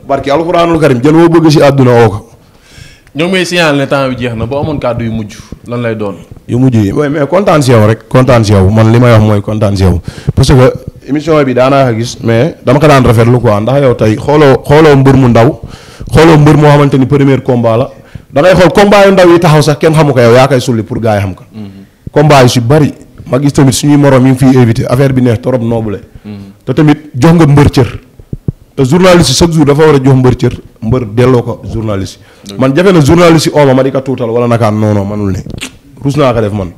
barki alxuraanul karim jën woo bëgg si àdduna woo ko. ñoo ngi may ne temps bi jeex na boo amoon kàddu yu mujj lan lay doon. yu mujj yi mais mais kontaan si yow rek li may wax mooy kontaan si émission bi daanaa gis mais dama ko daan rafetlu quoi ndax yow tey xooloo xooloo mbër mu ndaw xooloo mbër moo xamante ni premier combat la da ngay xool combat yu ndaw yi taxaw sax kenn xamu ko yow yaa koy sulli pour gars yi xam ko. Mm-hmm. combat yu si bëri ma gis tamit suñuy morom yi ngi fiy éviter affaire bi neex trop noble mm-hmm. te tamit jox nga mbër cër. te journaliste chaque jour dafa war a jox mbër cër mbër delloo ko journaliste. man jafe na journaliste ooma ma di ko wala nakaan non manul ne. rus naa ko def man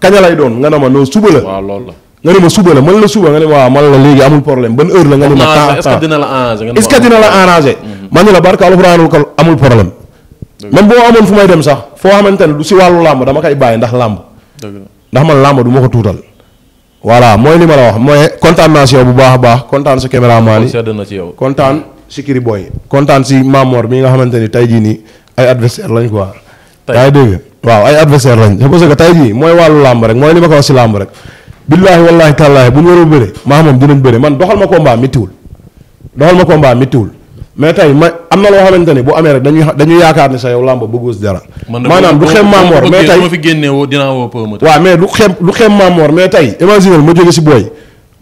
kaña lay doon nga ne ma non suba la. loolu la nga ne ma suba la man la suba nga ne ma waaw man la léegi amul problème ban heure la nga ne ma. temps est-ce dina la arranger nga ne la arranger. Mhm. man ni la amul problème. même boo amoon fu may dem sax foo xamante ne du si wàllu làmb dama koy bàyyi ndax làmb. ndax man làmb du ma ko tuutal. voilà mooy li ma la wax mooy kontaan naa si yow bu baax a baax kontaan sa caméraman yi sedd na ci yow kontaan si Kiri Boy kontaan si Mamor mi nga xamante ni tey jii nii ay adversaire lañ quoi. tey yaa waaw ay adversaire lañ c'est parce que tay jii mooy wàllu làmb rek mooy li ma ko wax si làmb rek billaahi wallaahi tallaahi bu ñu war a bëre maa moom dinañ bëre man doxal ma combat méttiwul doxal ma combat méttiwul mais tey ma am na loo xamante ni bu amee rek dañuy dañuy yaakaar ni sa yow làmb bëggoo si dara. maanaam du xem ma fi génnee woo dinaa woo waaw mais du xem tey imaginer ma jóge si booy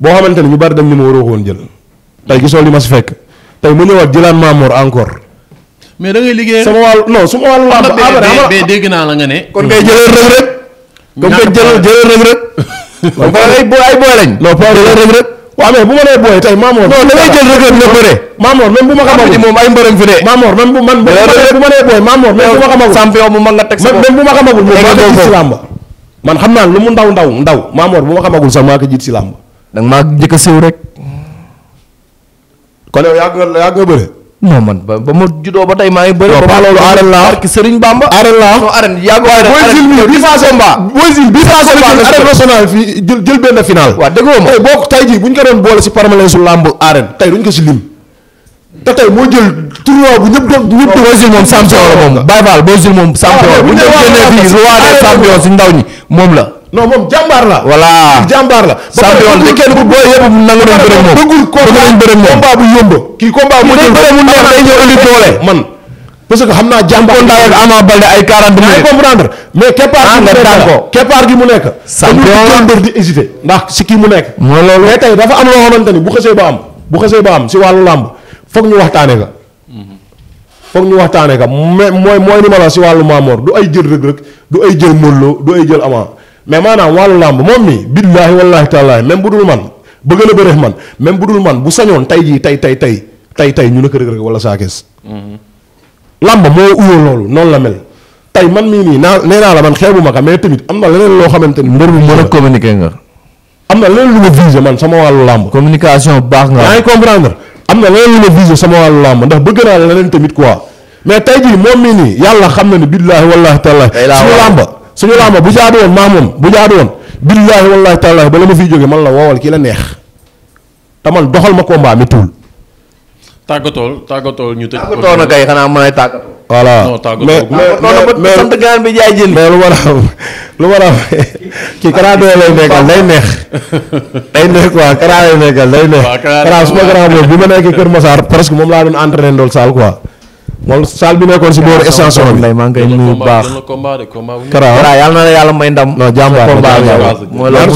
boo xamante ni ñu bari dem ni ma waroo ko woon jël tey gisoo li ma si fekk tey ma ñëwaat jëlaan maamoor encore mais da ngay liggéey sama wàll su ma wàllu dégg naa la ne. kon ngay jëlal rëg rëg. comme que jëlal jëlal rëg rëg. kon ay booy ay booy lañ. bu ma nee tey Mamor. non da ngay ma xamagul moom ay mbërëm fi de. Mamor man bu ma nee booy Mamor même bu ma xamagul. champion bu mag ma xam naa mu ndaw ndaw ndaw Mamor bu ma xamagul sax maa ko si làmb. danga maa njëkk a siiw rek. kon yow yàgg nga yàgg nga bëre moom man ba ba ma juddoo ba tey maa ngi bëri. waaw ba loolu arène la ak Serigne Bamba. arène la non arène yaa ngi. waaye nag bi saa combat Boy Jules bi saa jël jël benn final. waaw déggoo ma tey boo tey jii bu ñu ko doon boole si parmalee su làmb arène tey duñ ko si lim. te tey moo jël tournoi bu ñëpp doon ñëpp doon. Boy Jules moom champion la moom. Baye Fall Boy Jules moom champion la ah, bu ñu génnee fii roi des champions si ndaw ñi moom la. non moom jàmbaar la. voilà jàmbaar la. champion te kenn ku booy yëpp nangu nañ bëre moom bëggul combat bu yomb. kii combat mu jël bëre mu neex day ñëw indi doole man. parce que xam naa jàmbaar kon daal ak Ama Baldé ay 40 minutes comprendre mais keppaar gi mu nekk keppaar gi mu nekk. champion dañu di hésité ndax si kii mu nekk. mooy loolu mais tey dafa am loo xamante ni bu xasee ba am bu xasee ba am si wàllu làmb foog ñu waxtaanee ka foog ñu waxtaanee ka mais mooy mooy ni ma la si wàllu Mamor du ay jël Reug Reug du ay jël Modou Lô du ay jël Ama mais maanaam wàllu làmb moom mi billaahi wallaahi taalaahi même bu dul man bëgg na bëreex man même bu man bu sañoon tey jii tey tey tey tey tey ñu ne wala Sa Thiès. Mm-hmm. làmb loolu noonu la mel. tey man mii naa nee naa la man xeebu mais tamit am na leneen loo xamante ni mbër bu mën nga. am na leneen lu man sama wàllu làmb. communication baax nga. yaa am na leneen lu ma làmb ndax bëgg naa leneen tamit quoi mais tey jii moom mii nii yàlla xam na ni billaahi wallaahi taalaahi. suñu làmb suñu làmb bu jaadu woon maa moom bu jaadu woon billaahi wallaahi taalaahi ba la ma fiy jógee man la woowal ki la neex te doxal ma combat mi tuul. tàggatool tàggatool ñu tëj. tàggatoo na mais lu ma la lu ma la kii Kara Kara lay nekkal neex. waaw Kara ma Kara moom bi ma nekkee Kër Massar presque moom laa doon entraîné saal quoi. moom saal bi nekkoon si booru extension bi. Mbaye maa ngi koy nuyu bu baax. Kara ah. yàlla na la yàlla may ndam. non jàmbaar combat bi mooy loolu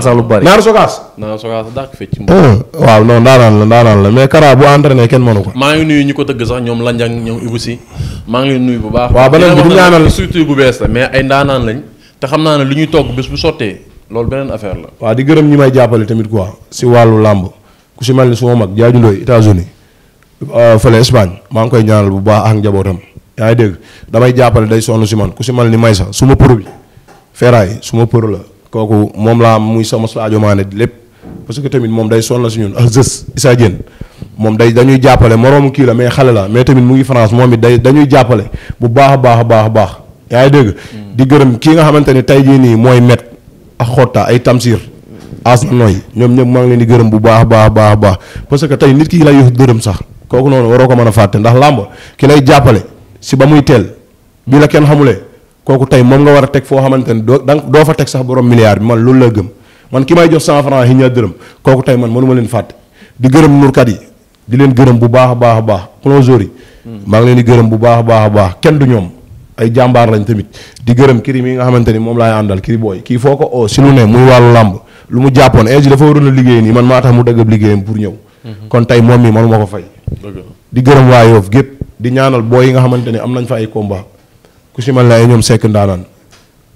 sax lu bari. Naar Sokaas. Naar Sokaas dàq fecc euh, waaw non daanaan la daanaan la mais Kara bu entraîné kenn mënu ko. maa ngi nuyu ñu ko tëgg sax ñoom Lanjang ñoom Ibou Si maa ngi nuyu bu baax. waaw beneen bi du ñaanal bu bees la mais ay ndaanaan lañ te xam naa ne lu ñuy togg bés bu sottee loolu beneen affaire la. waaw di gërëm ñi may jàppale tamit quoi si wàllu làmb ku si mel ni suma mag jaaju ndooy États-Unis Euh, fële Espagne maa ngi koy ñaanal bu baax ak njabootam yaa dégg damay jàppale day sonn si man ku si mal ni may sax su ma pour bi feeraay su ma pour la kooku moom laa muy sama Sadio Mané lépp parce que tamit moom day sonn si ñun ah jës Issa Diène moom day dañuy jàppale moroomu kii la mais xale la mais tamit mu ngi France moom it day dañuy jàppale bu baax a baax a baax a baax yaa ngi dégg mm. di gërëm kii nga xamante ne tey jii nii mooy met ak xotta ay tamsir as na ñoom ñëpp maa ngi leen di bu baax a baax a baax parce tey nit ki la yor dërëm sax kooku noonu waroo ko mën a fàtte ndax làmb ki lay jàppale si ba muy teel bi la kenn xamulee kooku tey moom nga war a teg foo xamante ni doo doo fa teg sax borom milliard bi man loolu la gëm man ki may jox cent yi ñaar dërëm kooku tey man mënuma leen fàtte di gërëm nurkat yi di leen gërëm bu baax a baax a baax plongeurs yi. Hmm. maa ngi leen di gërëm bu baax baax baax kenn du ñoom ay jàmbaar lañ tamit di gërëm kiri mi nga xamante ni moom laay àndal kiri booy kii foo ko oo ne muy wàllu làmb lu mu jàppoon agi dafa a liggéey nii man maa tax mu dëggab liggéeyam pour ñëw hmm. kon moom mi manuma ko fay di gërëm waa Yoff gépp di ñaanal boo yi nga xamante ne am nañ fa ay combat ku si mel ne ay ñoom sekk ndaanaan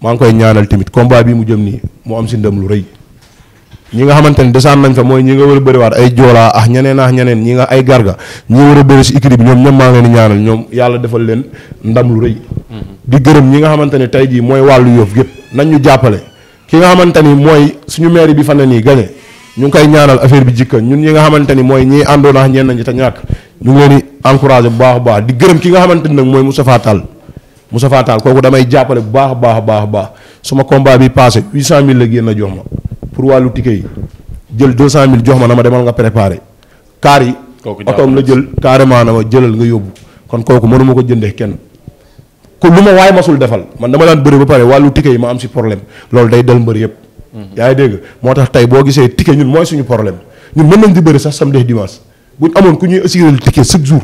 maa ngi koy ñaanal tamit combat bii mu jëm nii mu am si ndam lu rëy ñi nga xamante ne desaan nañ fa mooy ñi nga war a bëriwaat ay joolaa ah ñeneen ah ñeneen ñi nga ay garga ñi war a bëri si équipe bi ñoom ñoom maa ngeen leen ñaanal ñoom yàlla defal leen ndam lu rëy mm-hmm. di gërëm ñi nga xamante ne tey jii mooy wàllu Yoff gépp nañ ñu jàppale ki nga xamante ni mooy suñu maire bi fan ne nii gañe ñu ngi koy ñaanal affaire bi jikka ñun ñi nga xamante ni mooy ñii àndoon ak ñenn ñi te ñàkk ñu ngi leen bu baax a baax di gërëm ki nga xamante ni nag mooy Moustapha Tall Moustapha Tall kooku damay jàppale bu baax a baax a baax a baax suma combat bi passé 800000 la génn jox ma pour wàllu ticket yi jël mille jox ma na ma demal nga préparé kaar yi. kooku la jël carrément na ma jëlal nga yóbbu kon kooku mënuma ko jënde kenn. ku lu ma waay masul defal man dama daan bëri ba pare wàllu ticket yi ma am si problème loolu day dal yëpp yaa ngi dégg moo tax tey boo gisee ticket ñun mooy suñu problème ñun mën nañ di bëri sax samedi dimanche buñ amoon ku ñuy assurél ticket chaque jour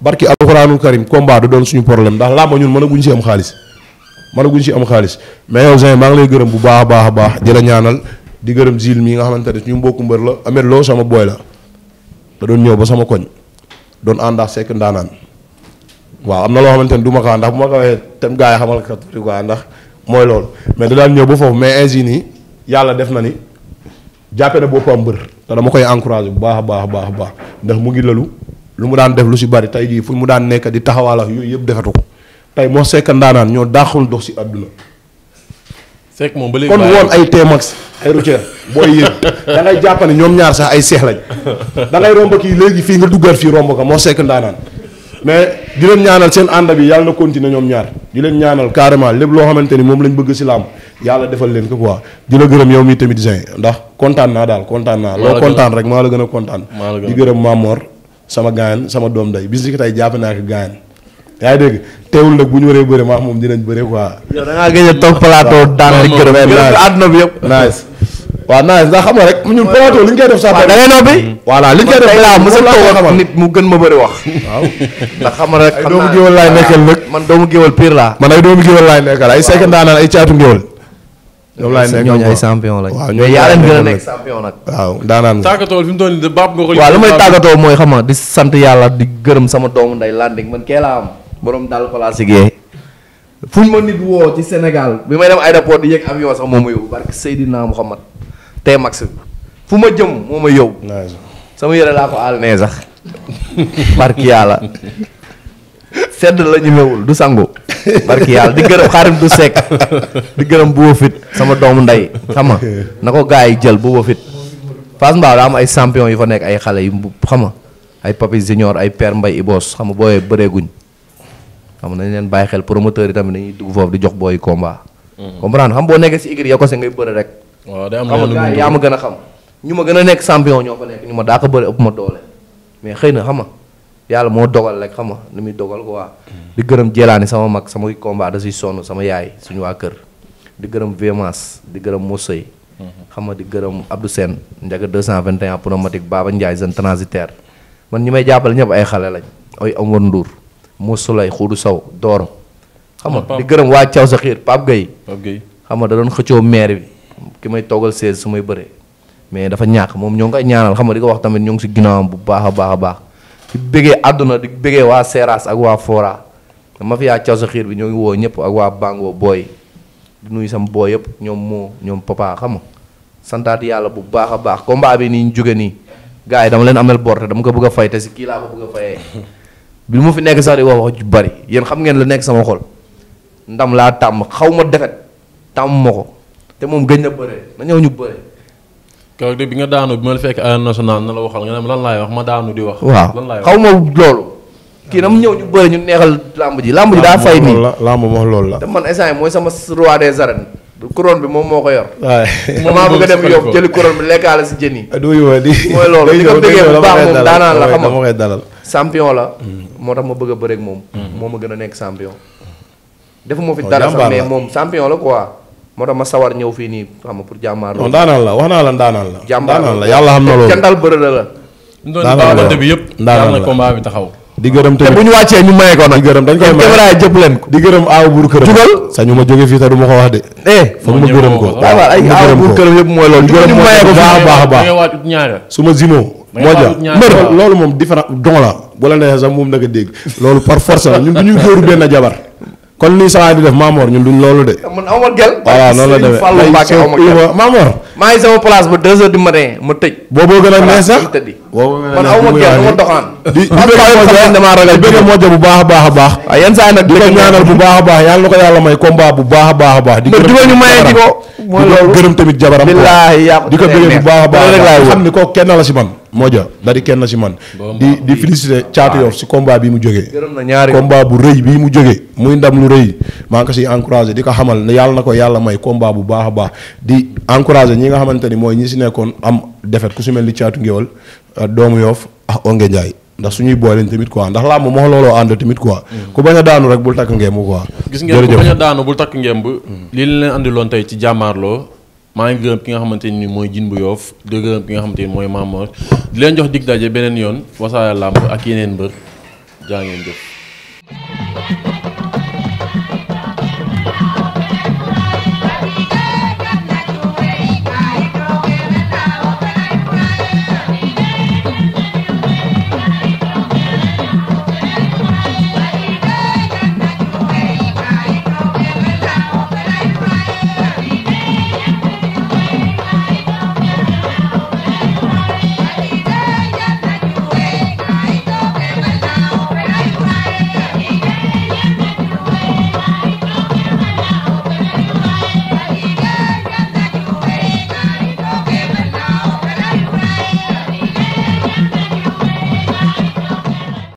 barki alxuraanul karim combat du doon suñu problème ndax làmba ñun mën a guñ si am xaalis mën a guñ si am xaalis mais yow Zin maa ngi lay a baax a nga xamante suñu mbokku mbër la amet loo sama booy la da doon ñëw ba sama koñ doon àndaax sekk ndaanaan waaw am na loo xamante ne du kaa ndax bu ma ko waxee tam gaa a xamal kat quoi ndax mooy loolu yàlla def na ni jàppe na boppam mbër te dama koy encouragé bu baax a baax a baax a baax ndax mu ngi lalu lu mu daan def lu si bari tey jii fu mu daan nekk di taxawaala yooyu yëpp defatu ko tey moo sekk ndaanaan ñoo daaxul dox si àdduna sekk moom ba léegi kon woon ay t booy yéen jàpp ne ñoom ñaar sax ay seex lañ da ngay romb kii léegi fii nga duggaat fii romb ko moo sekk ndaanaan mais di leen ñaanal seen ànd bi yàlla na continuer ñoom ñaar di leen ñaanal carrément lépp loo xamante ni moom lañ bëgg si làmb yàlla defal leen ko quoi di la gërëm yow mi tamit Zin ndax kontaan naa daal kontaan naa. loo kontaan rek maa la gën a kontaan. di gërëm Mamor sama gaayan sama doom day bis ci tey jàpp naa ko gaayan yaa ngi dégg teewul nag bu ñu waree bëre maa moom dinañ bëre ko yow daan di gërëm. àdduna bi yëpp nice waaw nice ndax xam nga rek ñun plateau li ñu def sax da ngay noppi hmm. voilà li ñu koy def laa mos a toog nit mu gën ma bari wax waaw ndax xam nga rek ay doomu géwal laay nekkal nag doomu géwal pire laa ma ay doomu géwal ay seekandaa naan ay caatu géwal ñoom laay nekk ñooñu ay champion lañ. waaw ñooñu yaa leen a nekk champion nag. waaw daanaan. tàggatoo fi mu toll nii baab nga ko. waaw lu may tàggatoo mooy xam di sant yàlla di gërëm sama doomu nday Landing man kee laa am borom dal ko laa sigee. fu ma nit woo ci Sénégal bi may dem aéroport di yëg avion sax moo ma yóbbu barke Seydina Mouhamad tey max fu ma jëm moo ma yóbbu. sama yére laa ko aal nee sax barke yàlla sedd la mewul du sangu. barki yàlla di gërëm xaarim du sekk di gërëm bu wofit sama doomu ndey xam nga na ko gars yi jël bu wofit Fass Mbao daa am ay champion yu fa nekk ay xale yu xam nga ay Papi Junior ay Père Mbaye Ibos xam nga booyee bëreeguñ xam nga nañ leen bàyyi xel promoteur yi tamit dañuy dugg foofu di jox booy combat. Mm-hmm. comprendre xam boo nekkee si igri yow ko ngay bëre rek. waaw day am yaa ma gën a xam. ñu ma gën a nekk champion ñoo fa nekk ñu ma daa ko bëre ëpp ma doole mais xëy na xam nga yàlla moo dogal rek xam nga nu muy dogal ko waa di gërëm Jelaani sama mag sama combat da siy sonn sama yaay suñu waa kër di gërëm Vémas di gërëm Moussoy mhm. xam nga di gërëm Abdou Sène njaga 221 pneumatique Baba Ndiaye jeune transitaire man ñi may jàppale ñëpp ay xale lañ ay Omar Ndour Moussoulay Khoudou Sow Doro xam nga di gërëm waa Thiaw sa xiir Pape Gueye Pape Gueye xam nga da doon xëccoo maire bi ki may toggal sees su may bëree mais dafa ñàkk moom ñoo ngi koy ñaanal xam nga di ko wax tamit ñoo ngi si ginnaawam bu baax a baax a baax di bëggee àdduna di bëggee waa seraas ak waa Fora mafia caw sa xiir bi ñoo ngi woo ñëpp ak waa bàngoo booy di nuyu sam booy yëpp ñoom moo ñoom papa xam santaat yàlla bu baax a baax combat bi nii ñu jóge nii gaa yi dama leen amel bor dama ko bëgg a fay te si kii laa ko bëgg a fayee bi mu fi nekk sax di wax wax ju bari yéen xam ngeen la nekk sama xol ndam laa tàmm xaw ma defet tàmm ma ko te moom gën na bëre na ñëw ñu bëre. kawak bi nga daanu bi ma la fekk Arène na la waxal nga ne lan laay wax ma daanu di wax waaw xaw ma loolu kii na mu ñëw ñu bëri ñu neexal làmb ji làmb ji daa fay nii làmb moo loolu la man instant yi mooy sama roi des arènes bi moom moo ko yor moom bëgg a dem yow jëli couronne bi lekkaale si jën yi du yow di mooy loolu li ko déggee bu baax moom daanaan la xama koy dalal champion la mm. moo tax ma bëgg a bëreeg moom mm. moo ma gën a nekk champion mm. defu moo fi oh, dara sax mais moom champion la quoi moo tax ma sawar ñëw fii nii xam nga pour la wax naa la daanaan la. jàmmaar la yàlla xam na loolu jandal bërëla la. daanaan yëpp. daanaan la combat bi taxaw. di gërëm tamit te bu ñu wàccee ñu maye ko nag. di dañ koy maye caméra ko. di gërëm aaw buur këram. ma jóge ma ko wax de. eh foog ma gërëm ko waaw ay aaw buur këram yëpp mooy loolu. ñu maye ko baax a baax a baax su ma zimo. moo ja mbër loolu moom différent don la bu la neexee sax moom naka dégg loolu par force la ñun du ñu góoru benn jabar kon lii saa di def Mamor ñun duñ loolu de. man aw ma gel. voilà noonu la demee Mamor. maa ngi sama place ba deux heures du matin ma tëj. booboo gën a neex sax wow man aw ma kenn ma doxaan. di di bëgg bu baax a baax a baax. Ah, saa nag di ko ñaanal bu baax a baax yàlla ko yàlla may combat bu baax a baax a baax. di gërëm ñu mayee di ko. di gërëm tamit jabaram. di ko bëggee bu baax a baax ko kenn la si man. Modja da di kenn si man. di di féliciter Thiatou Yoff si combat bi mu jógee. combat bu rëy bii mu jógee. muy ndam lu rëy maa ngi siy encouragé di ko xamal ne yàlla na ko yàlla may combat bu baax a baax di encouragé ñi nga xamante ni mooy ñi si nekkoon am defet ku si mel ni Thiatou Ngéwal doomu yoof ah Ongué Ndiaye ndax suñuy boole lañ tamit quoi ndax laa moom moo looloo ànd tamit quoi. Mm. ku bañ a daanu rek bul takk ngemb quoi. gis ngeen ku bañ a daanu bul takk ngemb. Mm. lii leen andiloon tey ci jàmmaarloo maa ngi gërëm ki nga xamante ni mooy jin bu yoof di gërëm ki nga xamante ni mooy Mamor di leen jox dig daje beneen yoon Wassare Lamb ak yeneen mbër jaa ngeen